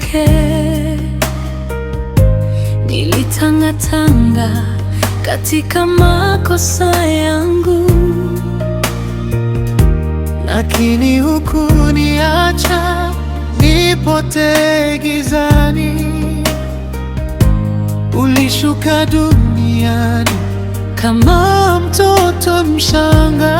wake. Nilitangatanga katika makosa yangu, lakini hukuniacha nipotee gizani. Ulishuka duniani kama mtoto mchanga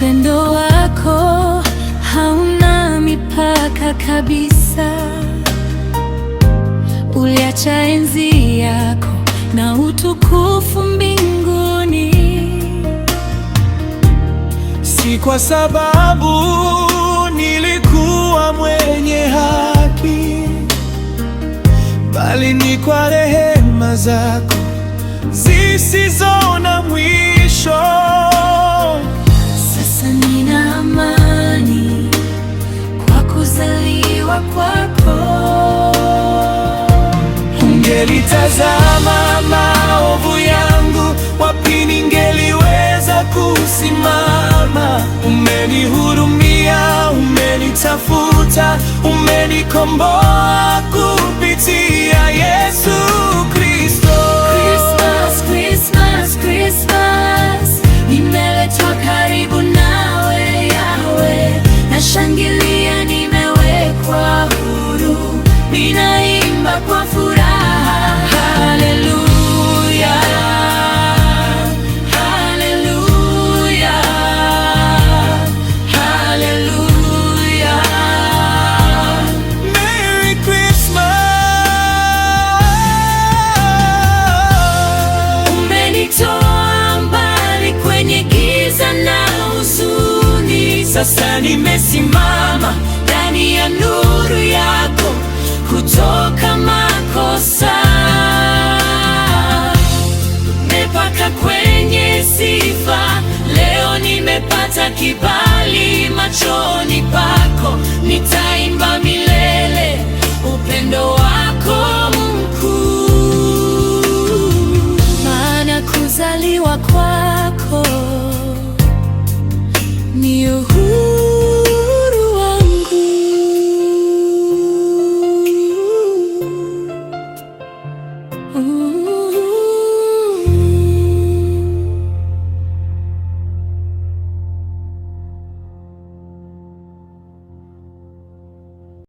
Upendo wako hauna mipaka kabisa, uliacha enzi yako na utukufu mbinguni, si kwa sababu nilikuwa mwenye haki, bali ni kwa rehema zako zisizo na mwisho nina amani kwa kuzaliwa kwako. Ungelitazama maovu yangu, wapi ningeliweza kusimama? Umenihurumia, umenitafuta, umenikomboa kupitia Yesu Sasa nimesimama ndani ya nuru yako, kutoka makosa Mepaka kwenye sifa. Leo nimepata kibali machoni pako, nitaimba milele upendo wako mkuu, maana kuzaliwa kwako